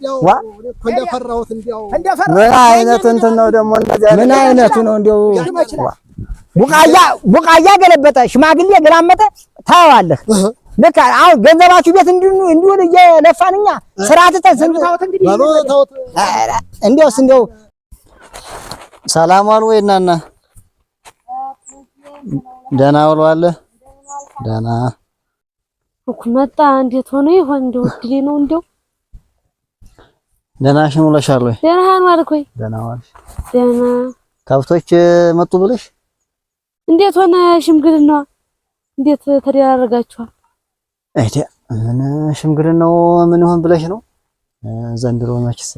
ምን አይነት ምን አይነቱ ነው ቡቃያ ቡቃያ ገለበጠ፣ ሽማግሌ ገላመጠ። ታዋለህ ልክ አሁን ገንዘባችሁ ቤት እንዲሁን እየለፋን እኛ ስራ ትተን እንዲያውስ እንዲያው ሰላም ዋል ወይ እናና ደህና ውለዋል። ደህና መጣ። እንዴት ሆነ ይሆን? እንደው እድሌ ነው እንደው ደህናሽን ውለሻል ወይ? ደህና አልኩኝ። ደህና ዋልሽ? ደህና ከብቶች መጡ ብለሽ እንዴት ሆነ ሽምግልናው? እንዴት ተደራረጋችኋል? አይደ ምን ሽምግልናው ምን ይሆን ብለሽ ነው? ዘንድሮ መችስ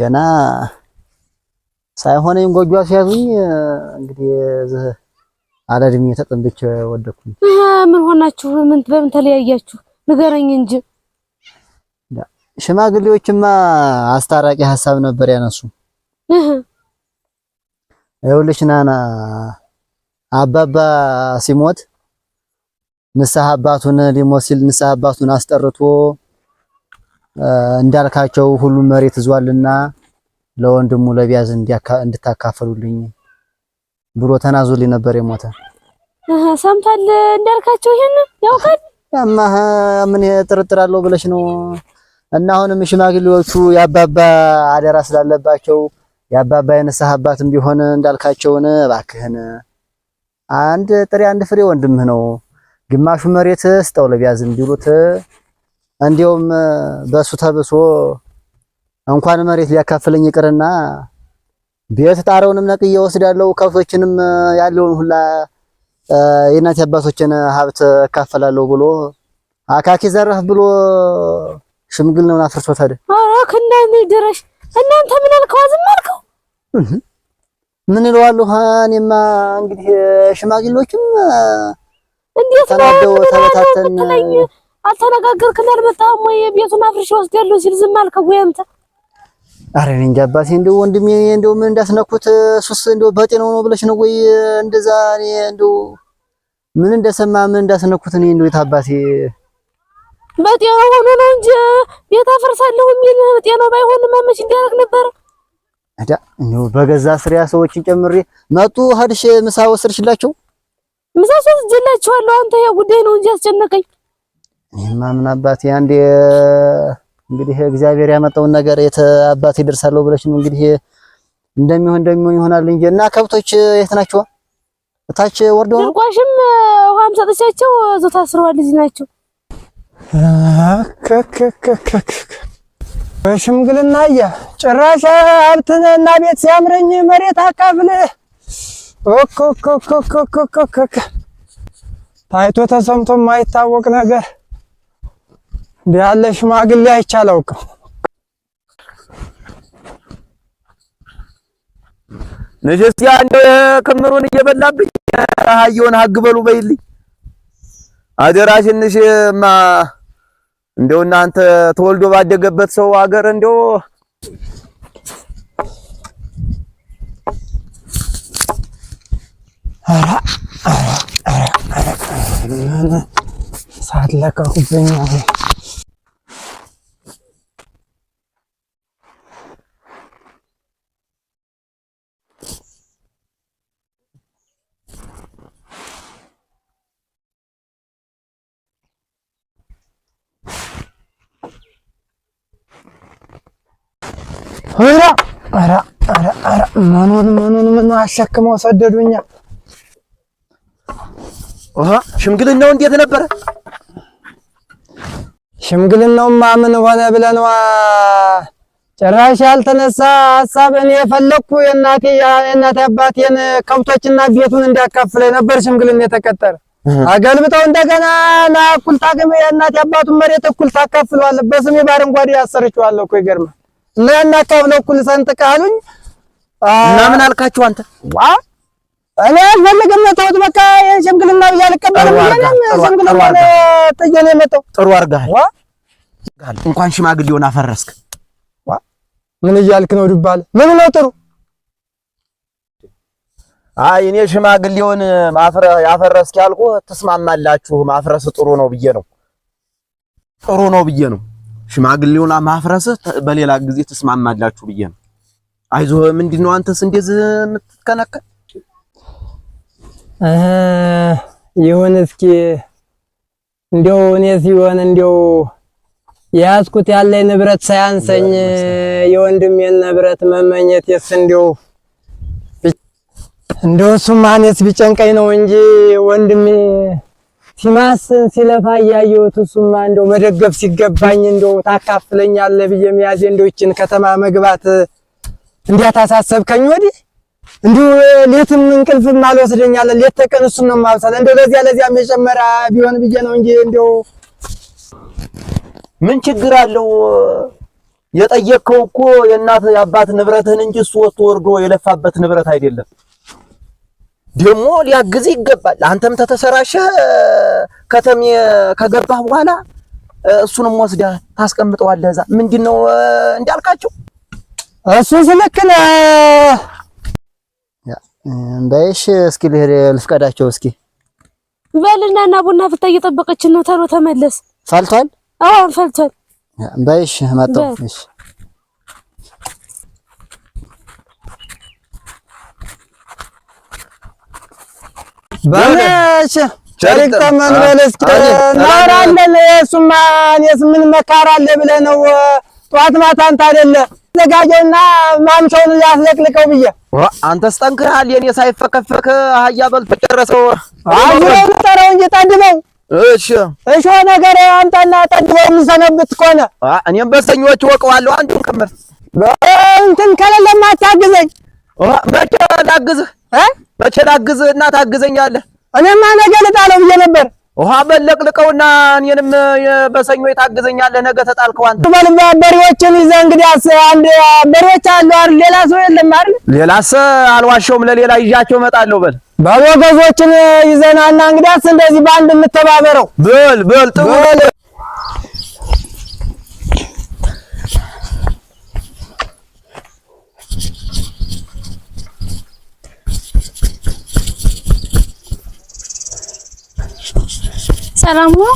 ገና ሳይሆነኝ ጎጆ ሲያዙኝ እንግዲህ እዚህ አላድም ተጠምቼ ወደኩኝ። ምን ሆናችሁ? ምን በምን ተለያያችሁ? ንገረኝ እንጂ ሽማግሌዎችማ አስታራቂ ሀሳብ ነበር ያነሱ። ይኸውልሽ ናና አባባ ሲሞት ንስሐ አባቱን ሊሞት ሲል ንስሐ አባቱን አስጠርቶ እንዳልካቸው ሁሉም መሬት ይዟልና ለወንድሙ ለቢያዝ እንድታካፈሉልኝ ብሎ ተናዞልኝ ነበር የሞተ። ሰምታል እንዳልካቸው ይሄን ያውቃል። ያማ ምን ጥርጥር አለው ብለሽ ነው እና አሁንም ሽማግሌዎቹ የአባባ አደራ ስላለባቸው የአባባ የነሳህ አባትም ቢሆን እንዳልካቸውን እባክህን አንድ ጥሬ አንድ ፍሬ ወንድምህ ነው፣ ግማሹ መሬት ስጠው ለቢያዝም ቢሉት እንዲያውም በሱ ተብሶ እንኳን መሬት ሊያካፍለኝ ይቅርና ቤት ጣራውንም ነቅዬ ወስዳለው፣ ከብቶችንም ያለውን ሁላ የእናት አባቶችን ሀብት እካፈላለሁ ብሎ አካኪ ዘረፍ ብሎ ሽምግልናውን አፍርሶ ታዲያ አራክ እንዳይ ድረሽ እናንተ ምን አልከው? ዝም አልከው? ምን እለዋለሁ? እኔማ እንግዲህ ሽማግሌዎችም እንዴት ነው ተበታተን አልተነጋገርክም አልመጣህም ወይ ቤቱን አፍርሼ ወስዳለሁ ሲል ዝም አልከው ወይ አንተ? አረ እኔ እንጃ አባቴ፣ እንደው ወንድሜ እንደው ምን እንዳስነኩት ሱስ እንደው በጤናው ነው ብለሽ ነው ወይ እንደዛ? እኔ እንደው ምን እንደሰማ ምን እንዳስነኩት እኔ እንደው የታባቴ በጤና ሆኖ ነው እንጂ ቤት አፈርሳለሁ የሚል ጤናው ባይሆን መች ይደረግ ነበር። አዳ ነው በገዛ ስሪያ ሰዎችን ጨምሬ መጡ። ሀድሽ ምሳ ወሰድሽላቸው? ምሳ ወስጄላቸዋለሁ። አንተ ያ ጉዳይ ነው እንጂ ያስጨነቀኝ። እኔማ ምን አባቴ አንዴ እንግዲህ እግዚአብሔር ያመጣውን ነገር የት አባቴ ይደርሳለሁ ብለሽ ነው እንግዲህ እንደሚሆን እንደሚሆን ይሆናል እንጂ እና ከብቶች የት ናቸው? እታች ወርደው ነው። ድንቋሽም ውሃም ሰጥቻቸው እዛው ታስረዋል። እዚህ ናቸው በሽምግልና እያ ጭራሽ ቤት ሲያምረኝ መሬት አካፍል ታይቶ ተሰምቶ የማይታወቅ ነገር እንዲህ ያለ ሽማግሌ አይቼ አላውቅም። ያን ክምሩን እየበላብኝ አህየውን ሀግ በሉ በይልኝ አደራ ትንሽ እንደው እናንተ ተወልዶ ባደገበት ሰው አገር እንደው ሰዓት ለቀቁብኝ። ምኑን ምኑን ምኑ አሸክመው ሰደዱኛ። ሽምግልናው እንዴት ነበረ? ሽምግልናውማ ምን ሆነ ብለን ጭራሽ ያልተነሳ ሀሳብ እኔ የፈለግኩ የእናቴ የእናቴ አባቴን ከብቶችና ቤቱን እንዲያካፍለ ነበር ሽምግልና የተቀጠረ። አገልብጠው እንደገና ለእኩል ታቅም የእናቴ አባቱን መሬት እኩል ታካፍለዋለህ። በስሜ ባረንጓዴ ያሰርችዋለሁ እኮ ይገርማል። እናና ያን ነው እኩል ሰንጥቀህ አሉኝ። እና ምን አልካችሁ አንተ? ዋ እኔ አልፈልግም ተውት በቃ የሽምግልና ብዬ አልቀበልም። ሽምግልና ጥዬ ነው የመጣው። ጥሩ አድርገሃል። እንኳን ሽማግሌውን አፈረስክ። ምን እያልክ ነው ዱባል? ምን ነው ጥሩ አይ እኔ ሽማግሌውን ያፈረስክ ያልኩህ ትስማማላችሁ፣ ማፍረስ ጥሩ ነው ብዬ ነው ጥሩ ነው ብዬ ነው ሽማግሌውን ማፍረስህ በሌላ ጊዜ ትስማማላችሁ ብዬ ነው። አይዞህ ምንድን ነው አንተስ እንደዚህ የምትከነከን? ይሁን እስኪ እንዲያው እኔ ሲሆን እንዲያው የያዝኩት ያለ ንብረት ሳያንሰኝ የወንድሜን ንብረት መመኘቴስ እንዲያው እንደው እሱማ እኔስ ቢጨንቀኝ ነው እንጂ ወንድሜ ሲማስን ሲለፋ እያየሁት እሱማ እንደው መደገፍ ሲገባኝ እንደው ታካፍለኛለህ ብዬ መያዜ እንደው ከተማ መግባት እንዲያታሳሰብከኝ ወዲህ እንዲሁ ሌትም እንቅልፍም አልወስደኛለን። ሌት ተቀን እሱን ነው ማብሳል። እንደው ለዚያ ለዚያ የጨመረ ቢሆን ብዬ ነው እንጂ እንደው ምን ችግር አለው? የጠየቅከው እኮ የእናት የአባት ንብረትህን እንጂ እሱ ወጥቶ ወርዶ የለፋበት ንብረት አይደለም። ደግሞ ሊያግዝ ይገባል። አንተም ተተሰራሸህ ከተም ከገባህ በኋላ እሱንም ወስደህ ታስቀምጠዋለህ እዛ። ምንድን ነው እንዳልካቸው እሱ ዝልክን እንዳይሽ እስኪ ልሄድ ልፍቀዳቸው። እስኪ በልና እና ቡና ፍታ እየጠበቀችን ነው። ተሮ ተመለስ። ፈልቷል። አዎ ፈልቷል። እንዳይሽ መጣሁ። እሺ በመቼ ጠዋት ማታ አንተ አይደለ ማምሻውን ያስለቅልቀው ብዬ አንተስ ጠንክርሃል። የኔ ሳይፈከፈክ አህያ በልቶ ጨረሰው። እንጂ ጠድበው። እሺ እሺ፣ ነገር ጠድበው ከሆነ እኔም በሰኞች ወቀዋለሁ። አንዱን እንትን መቼ ላግዝህ መቼ ላግዝህ እና ታግዘኛለህ? እኔማ ነገ ልጣለው ብዬ ነበር። ውሃ በለቅልቀውና እኔንም በሰኞ ታግዘኛለህ። ነገ ተጣልከው አንተ በልባ በሬዎችን ይዘህ እንግዲህ አንድ በሬዎች አሉ አይደል? ሌላ ሰው የለም አይደል? ሌላስ አልዋሸውም፣ ለሌላ ይዣቸው እመጣለሁ። በል ባሎ ገዞችን ይዘናና እንግዲያስ እንደዚህ በአንድ የምተባበረው በል በል ጥሩ ሰላም ነው።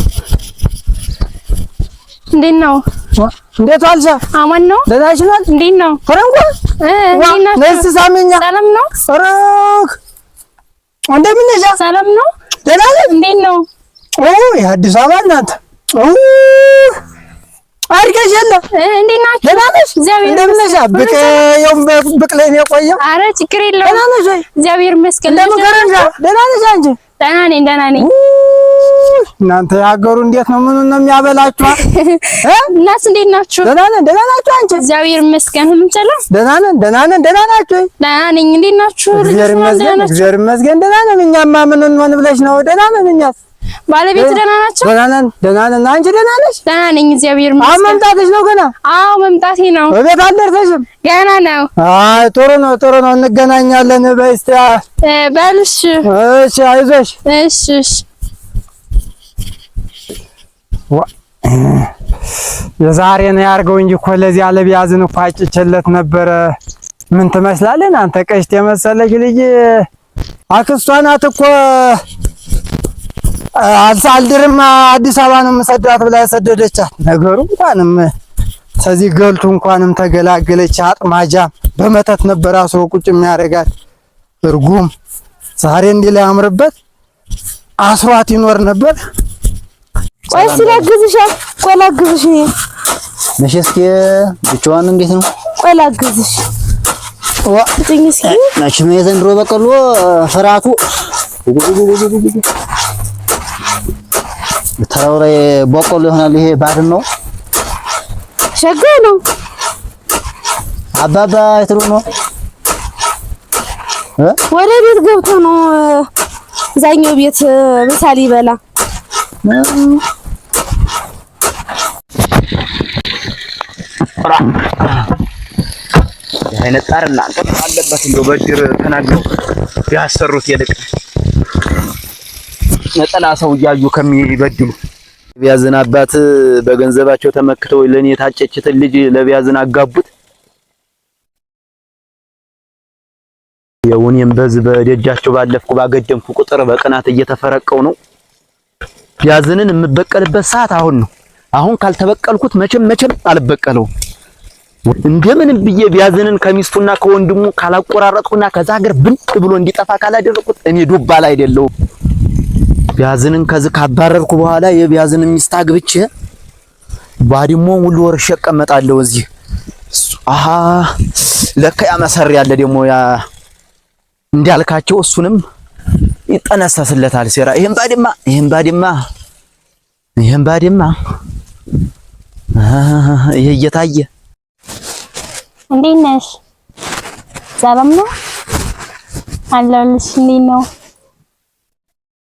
እንዴት ነው? እንዴት ዋልሽ? አማን ነው። ደህና ነሽ? እንዴት ነው? ፍረንጎ ነስ ሳምኛ ሰላም ነው። ፍረክ እንደምን ነሽ? ሰላም ነው። ደህና ነሽ? እንዴት ነው? ኦ የአዲስ አበባ እናት ኦ አድርገሽ የለ እንዴት ናችሁ? ደህና ነሽ? እግዚአብሔር ይመስገን። ብቅሌን የቆየው ኧረ ችግር የለውም። ደህና ነሽ ወይ? እግዚአብሔር ይመስገን። ደህና ነሽ አንቺ? ደህና ነኝ፣ ደህና ነኝ እናንተ የሀገሩ እንዴት ነው? ምኑን ነው የሚያበላችሁ? እናስ እንዴት ናችሁ? ደህና ነን። ደህና ናችሁ? አንቺ? እግዚአብሔር ይመስገን። ሁሉም ሰላም? ደህና ነን። ደህና ነን። ደህና ናችሁ? ደህና ነኝ። እንዴት ናችሁ? እግዚአብሔር ይመስገን። እግዚአብሔር ይመስገን። ደህና ነን። እኛማ ምን እንሆን ብለሽ ነው? ደህና ነን። እኛስ ባለቤት ደህና ናቸው? ደህና ነን። ደህና ነን። አንቺ ደህና ነሽ? ደህና ነኝ፣ እግዚአብሔር ይመስገን። አሁን መምጣትሽ ነው ገና? አዎ መምጣቴ ነው። እቤት አልደረሰሽም? ገና ነው። አይ ጥሩ ነው፣ ጥሩ ነው። እንገናኛለን። በይ እስኪ በልሽ። እሺ፣ አይዞሽ። እሺ፣ እሺ የዛሬ ነው ያርገው እንጂ እኮ ለዚህ አለብ ያዝን እኮ አጭቼለት ነበረ። ምን ትመስላለህ አንተ? ቀሽት የመሰለች ልጅ አክስቷ ናት እኮ አልድርም አዲስ አበባ ነው የምሰዳት ብላ ሰደደቻት። ነገሩ እንኳንም ከዚህ ገልቱ እንኳንም ተገላገለች። አጥማጃ በመተት ነበር አስሮ ቁጭ የሚያደርጋት እርጉም ዛሬ እንዲህ ላይ አስሯት ይኖር ነበር። ቆይ ላግዝሻል። ቆይ ላግዝሽ። ነሽ እስኪ ብቻዋን እንዴት ነው? ቆይ ላግዝሽ። ዋ መቼም የዘንድሮ በቀሎ ፍርሃቱ ተራው ላይ በቆሎ ይሆናል። ይሄ ባድን ነው ሸጋ ነው። አባባ የት ነው? ወደ ቤት ገብቶ ነው። እዛኛው ቤት ምሳሌ ይበላ የአይነት ጣር እናንተ አለበት እንደው በእድር ተናግረው ያሰሩት ይልቅ ነጠላ ሰው እያዩ ከሚበድሉ ቢያዝን አባት በገንዘባቸው ተመክተው ለኔ የታጨችትን ልጅ ለቢያዝን አጋቡት። የውኔም በዝ በደጃቸው ባለፍኩ ባገደምኩ ቁጥር በቅናት እየተፈረቀው ነው። ቢያዝንን የምበቀልበት ሰዓት አሁን ነው። አሁን ካልተበቀልኩት መቼም መቼም አልበቀለውም። እንደምንም ብዬ ቢያዝንን ከሚስቱና ከወንድሙ ካላቆራረጥኩና ከዛ ሀገር ብንጥ ብሎ እንዲጠፋ ካላደረኩት እኔ ዱባላ አይደለሁም። ቢያዝንን ከዚህ ካባረርኩ በኋላ የቢያዝን ሚስት አግብቼ ባድሞን ሁሉ ወርሼ እቀመጣለሁ እዚህ። አሃ ለካ ያ መሰሪ ያለ ደግሞ ያ እንዳልካቸው እሱንም ይጠነሰስለታል ሴራ። ይሄን ባድማ ይሄን ባድማ ይሄን ባድማ ይሄ እየታየ እንዴት ነሽ? ሰላም ነው አለሁልሽ። እንዴት ነው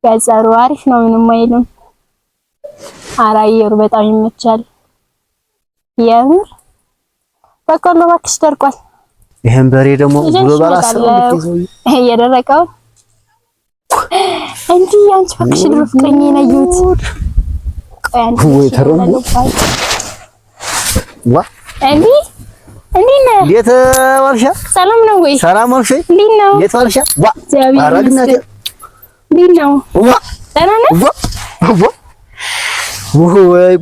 ገጠሩ? አሪፍ ነው፣ ምንም አይልም። ኧረ አየሩ በጣም ይመቻል። የምር በቆሎ እባክሽ ደርቋል። ይሄን በሬ ደግሞ ብሎ ባላሰበው የደረቀውን እንጂ አንቺ እባክሽ ድሮ ፍቅረኛ ቆይ አንቺ ወይ ተረሙ ዋ እንዴ እንዴት ዋልሽ? ሰላም ነው ወይ? ሰላም ዋልሽ? እንዴት ነው? እንዴት ዋልሽ? ዋ አረግነት እንዴት ነው? ዋ ደህና ነህ? ዋ ዋ ወይ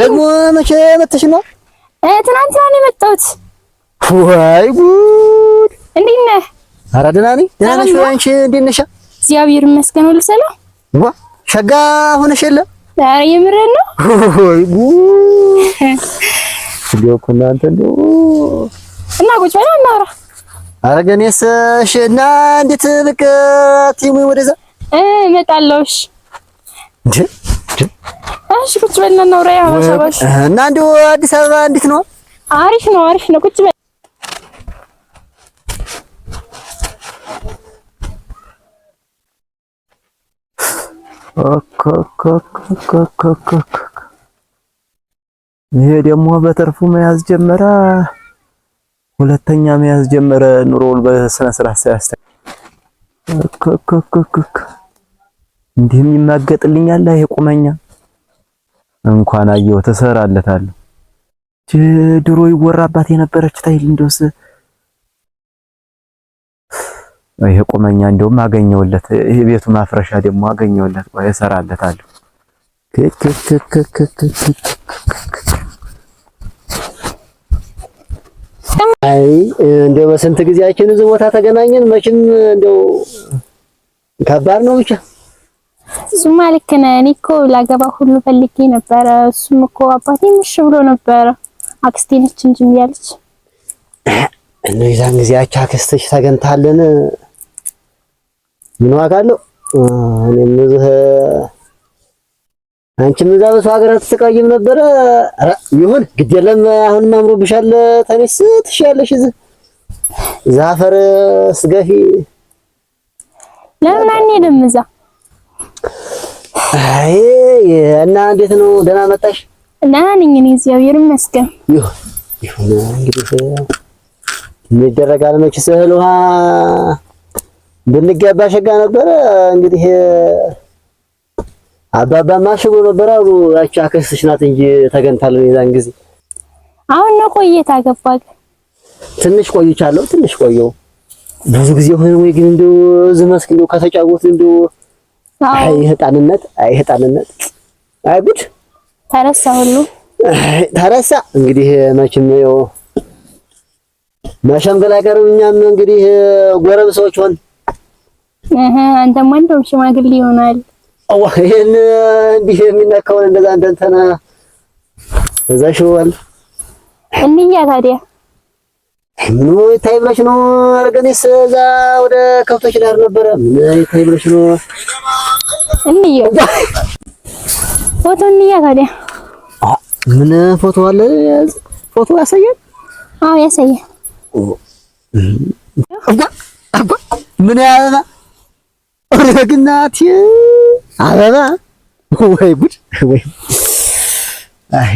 ደግሞ መቼ መተሽ ነው? ትናንትና ነው የመጣሁት። ወይ ጉድ! እንዴት ነህ? ኧረ ደህና ነኝ። ደህና ነሽ ወይ? አንቺ እንዴት ነሽ? እግዚአብሔር ይመስገን ሁሉ ሰላም። ዋ ሸጋ ሆነሽ የለ? ኧረ የምሬን ነው። ወይ ጉድ! እንዲያው እኮ እናንተ እንዲያው እና ቁጭ በል እናውራ። ኧረ ገኔስ እሺ። እና እንዴት ብቅ አትይሙኝ ወደዛ እመጣለሁ። እሺ እሺ፣ ቁጭ በል እናውራ። ያው ሰባሽ እና እንደው አዲስ አበባ እንዴት ነው? አሪፍ ነው፣ አሪፍ ነው። ቁጭ በል ይሄ ደግሞ በትርፉ መያዝ ጀመረ። ሁለተኛ መያዝ ጀመረ። ኑሮውን በስነ ስርዓት ሳያስተካክል እንዲህ የሚማገጥልኝ ይሄ ቁመኛ እንኳን አየሁ ትሰራለታለሁ። ድሮ ይወራባት የነበረች ታይል እንደውስ ይሄ ቁመኛ እንደውም አገኘውለት። ይሄ ቤቱ ማፍረሻ ደግሞ አገኘውለት። ቆይ እሰራለታለሁ። አይ እንደው በስንት ጊዜያችን እዚህ ቦታ ተገናኘን። መቼም እንደው ከባድ ነው ብቻ እሱማ ልክ ነህ። እኔ እኮ ላገባ ሁሉ ፈልጌ ነበረ። እሱም እኮ አባቴ ምሽ ብሎ ነበረ። አክስቴ ነች እንጂ እያለች እነ ጊዜያች አክስትሽ ተገንታለን ምን ዋጋ አለው? እኔም እዚህ አንቺም እዛ በሰው ሀገር አትሰቃይም ነበረ። ይሁን ግድ የለም። አሁንም አምሮብሻል። ተነስ ትሻለሽ። እዚህ ዛፈር ስገፊ ለምን አንሄድም? እዛ አይ እና እንዴት ነው? ደህና መጣሽ? ደህና ነኝ እኔ እግዚአብሔር ይመስገን። ይሁን ይሁን እንግዲህ ምን ይደረጋል መች ስህል ውሃ ብንገባ ሸጋ ነበረ እንግዲህ አባባማ ሽጎ ነበር አሉ። ያቺ አክስትሽ ናት እንጂ ተገንታለን የዛን ጊዜ። አሁን ነው ቆየት አገባግ ትንሽ ቆይቻለሁ። ትንሽ ቆየው ብዙ ጊዜ ሆነ ወይ ግን እንደው ዝመስክ መስክ እንደው ከተጫወት እንደው አይ ህጣንነት አይ ህጣንነት አይ ጉድ ተረሳ ሁሉ ተረሳ። እንግዲህ መቼም ነው መሸምገል አይቀርም። እኛም እንግዲህ ሰዎች ሆን እህ አንተም ወንዶም ሽማግሌ ይሆናል አዋ ይሄን እንዲህ የሚነካውን እንደዛ እንደንተና እዛ ሽዋል እንኛ ታዲያ ምኑ ይታይ ብለሽ ነው? አርገንስ እዛ ወደ ከብቶች ዳር ነበረ። ምን ይታይ ብለሽ ነው? እንየው ፎቶ እንያ ታዲያ ምን ፎቶ አለ? ፎቶ ያሳያል። አዎ ያሳያል። አባ አባ ምን ያለ ረግናት አበባ ወይ ጉድ ወይ አይ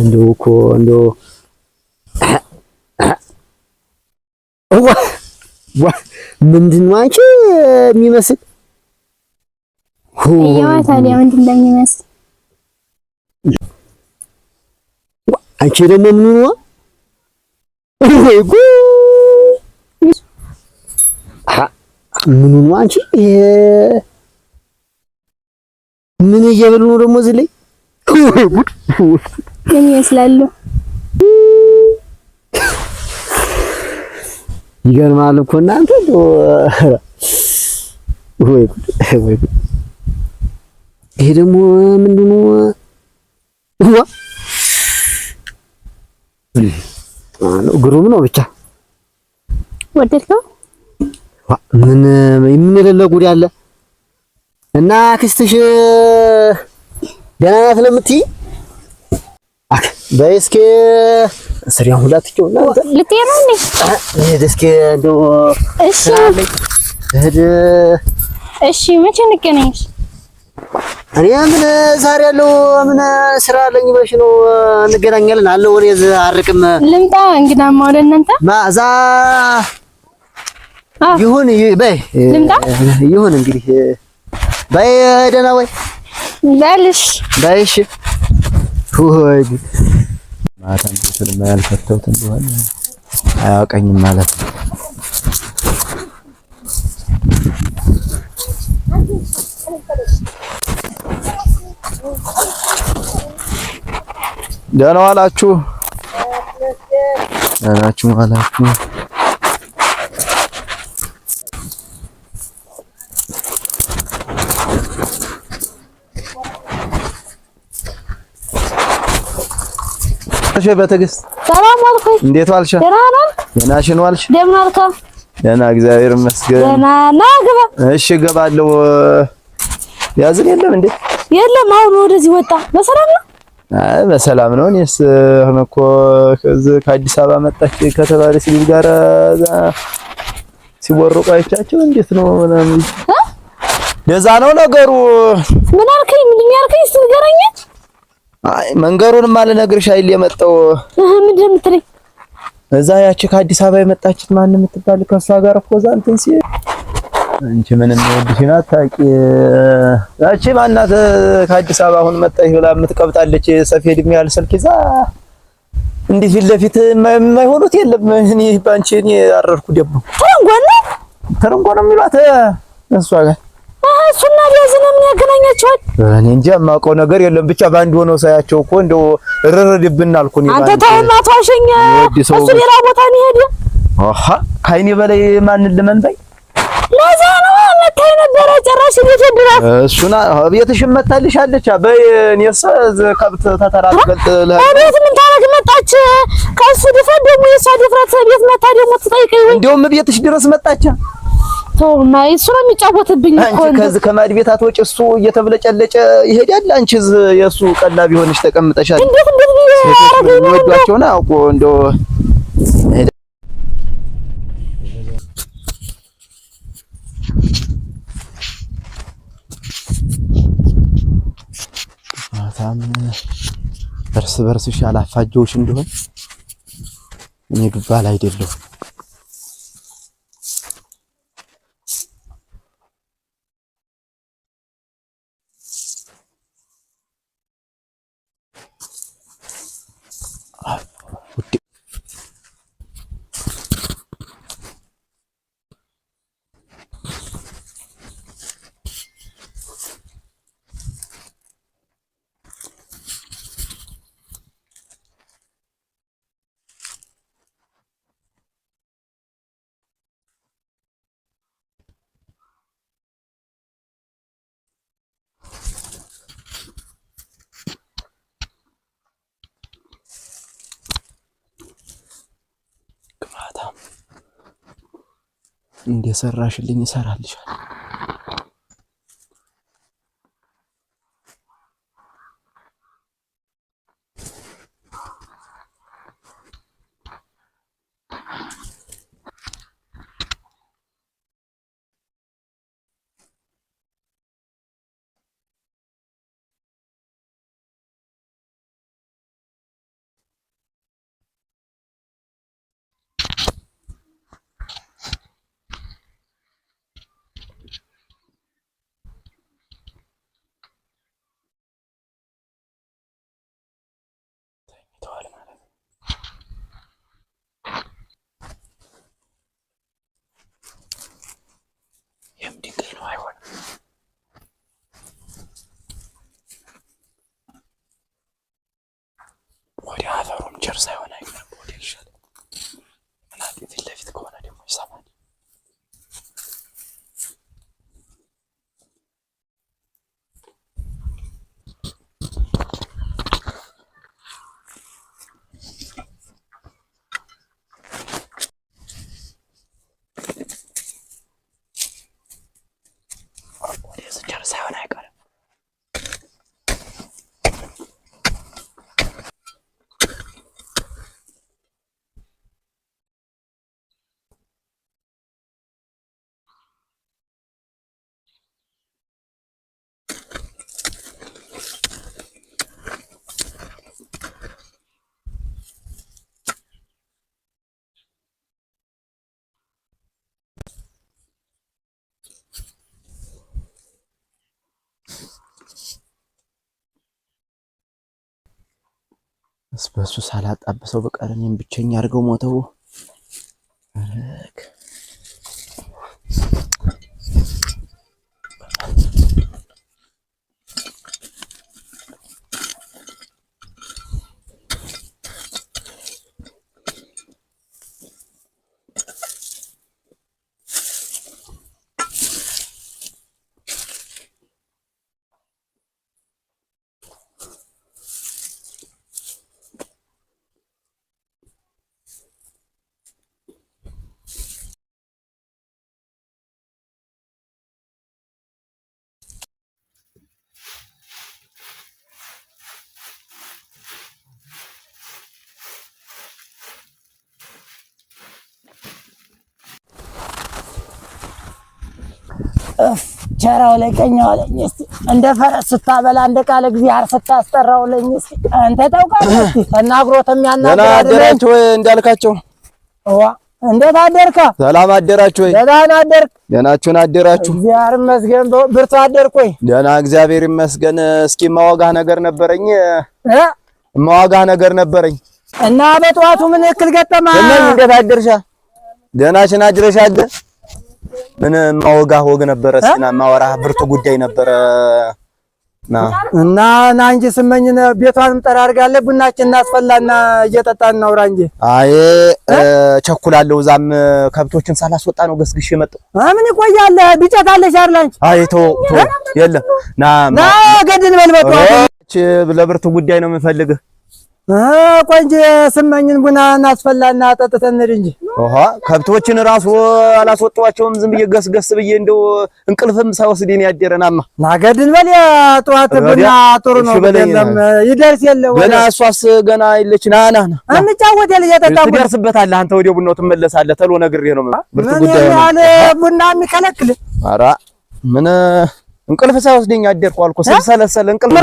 እንደው እኮ እንደው ምንድን ነው አንቺ የሚመስል ይሄዋ ታዲያ ምንድን ነው የሚመስል አንቺ ደግሞ ምን ነው ወይ ጉድ ምኑ ነው አንቺ? ምን እየበሉ ነው ደግሞ እዚህ ላይ ጉድ ምን ይመስላሉ? ይገርማል እኮ እናንተ ወይ ወይ ይሄ ደግሞ ምንድን ነው? ግሩም ነው ብቻ ወደድከው? ምን ምን የሌለ ጉድ አለ እና ክስትሽ ደህና ናት ለምትይ በይ እስኪ ስሪያም ሁላት ይችውና ልትየራ ነኝ እህ እስኪ እንደው እሺ እህድ እሺ መቼ እንገናኝ? እኔ ምን ዛሬ ያለው ምን ስራ አለኝ ብለሽ ነው እንገናኛለን አለ ወሬ አርቅም ልምጣ እንግዳማ ወደ እናንተ ማዛ ይሁን በይ ይሁን እንግዲህ በይ ደህና ወይ በልሽ በይሽ ወይ ማታም ትል ማልፈተውት እንደሆነ አያውቀኝም ማለት ነው። ደህና ዋላችሁ ደህና ዋላችሁ። መጣሽ ወይ? በትዕግስት ሰላም አልኩኝ። እንዴት ዋልሽ? ደህና ነን። ደህናሽን ዋልሽ? ደህና አልከ? ደህና እግዚአብሔር ይመስገን። ደህና ና ግባ። እሺ እገባለሁ። ያዝን የለም እንዴ? የለም። አሁን ወደዚህ ወጣ። በሰላም ነው? አይ በሰላም ነው። እኔስ አሁን እኮ ከዚህ ከአዲስ አበባ መጣች ከተባለ ሲል ጋር ሲወርቁ አይቻቸው እንዴት ነው ምናምን። ለዛ ነው ነገሩ። ምን አልከኝ? ምን ያልከኝ? እስኪ ንገረኝ መንገሩን አልነግርሽ አይደል የመጣው ምንድን ነው እዛ ያቺ ከአዲስ አበባ የመጣችት ማን የምትባል ከሷ ጋር እኮ እዛ እንትን ሲል አንቺ ምንም ወድሽና ታቂ ያቺ ማናት ከአዲስ አበባ አሁን መጣሽ ብላ የምትቀብጣለች ሰፌድ የሚያህል ስልክ ይዛ እንዲህ ፊት ለፊት የማይሆኑት የለም። እኔ ባንቺ እኔ አረርኩ ደግሞ ተረንጓ ነው የሚሏት እሷ ጋር እሱና ሊያዝነ ምን ያገናኛቸዋል? እኔ እንጃ የማውቀው ነገር የለም። ብቻ በአንድ ሆነው ሳያቸው እኮ እንደው እረረድብን አልኩ። አንተ ተውና ተዋሸኝ። እሱ ሌላ ቦታ ነው ሄደ። አሃ ከአይኔ በላይ ማንን ልመን በይ። ለዛ ነው መታኝ ነበረ። ጭራሽ ቤት ድረስ እሱና ቤትሽን መታልሻለች። በይ እኔስ ከብት ተተራገጥ ለቤት ምን ታረግ መጣች። ከእሱ ድፈት ደግሞ የእሷ ድፍረት ቤት መታ ደግሞ ትጠይቀኝ። እንደውም ቤትሽ ድረስ መጣች። ተውና እሱ ነው የሚጫወትብኝ እኮ አንቺ ከዚህ ከማድ ቤት እሱ እየተብለጨለጨ ይሄዳል። አንቺ የእሱ ቀላ ቢሆንሽ ተቀምጠሻል። እንዴት እንዴት አውቆ እንደው እርስ በርስሽ ያላፋጀውሽ እንደሆን እኔ ግባል አይደለሁም እንደሰራሽልኝ እሰራልሻለሁ። Barcelona. በሱ ሳላጣብሰው በቀር እኔም ብቸኛ አድርገው ሞተው ቸራው ላይ ቀኛዋለኝ እስቲ እንደ ፈረስ ስታበላ እንደ ቃል እግዚአብሔር ስታስጠራውለኝ እስቲ አንተ ታውቃለህ። እስቲ ተናግሮት የሚያናገር አደራችሁ ወይ እንዳልካቸው ዋ እንዴት አደርካ? ሰላም አደራችሁ ወይ? ደህና አደርክ? ደህናችሁን አደራችሁ? እግዚአብሔር ይመስገን። ብርቱ አደርክ ወይ? ደህና እግዚአብሔር ይመስገን። እስኪ ማዋጋ ነገር ነበረኝ እ ማዋጋ ነገር ነበረኝ እና በጠዋቱ ምን እክል ገጠማ? እንዴት አደርሻ? ደህናሽን አድረሻ አደር ምን ማወጋ ወግ ነበረ ሲና ማወራ ብርቱ ጉዳይ ነበረ እና ና እንጂ ስመኝ ቤቷንም ጠራርጋለህ ቡናችን እናስፈላና እየጠጣን ነው እንጂ። አይ ቸኩላለሁ፣ እዛም ከብቶችን ሳላስወጣ ነው ገስግሽ የመጣው። ምን ይቆያለ ዱጨት አለሽ አይደል አንቺ? አይ ቶ ቶ የለም ና ና ገድን በልበቷ ለብርቱ ጉዳይ ነው የምፈልግህ ቆንጆ ስመኝን ቡና እናስፈላና ጠጥተን እንሂድ እንጂ። ኦሃ ከብቶችን ራሱ አላስወጣኋቸውም። ዝም ብዬ ገስገስ ብዬ እንደው እንቅልፍም ሳይወስድ ያደረናማ። ናገድን በል ጠዋት ቡና ጥሩ ነው ብለንም ይደርስ የለ ገና እሷስ ገና የለች። ና ና ና እንጫወት የለ እየጠጣሁ ትደርስበታለህ አንተ ወደ ቡናው ትመለሳለህ። ተሎ ነግሬህ ነው ምርጥ ጉዳይ ነው ቡና የሚከለክል ኧረ ምን እንቅልፍ ሳይወስደኝ አደርኩ አልኩ። ስልሰለሰለ እንቅልፍ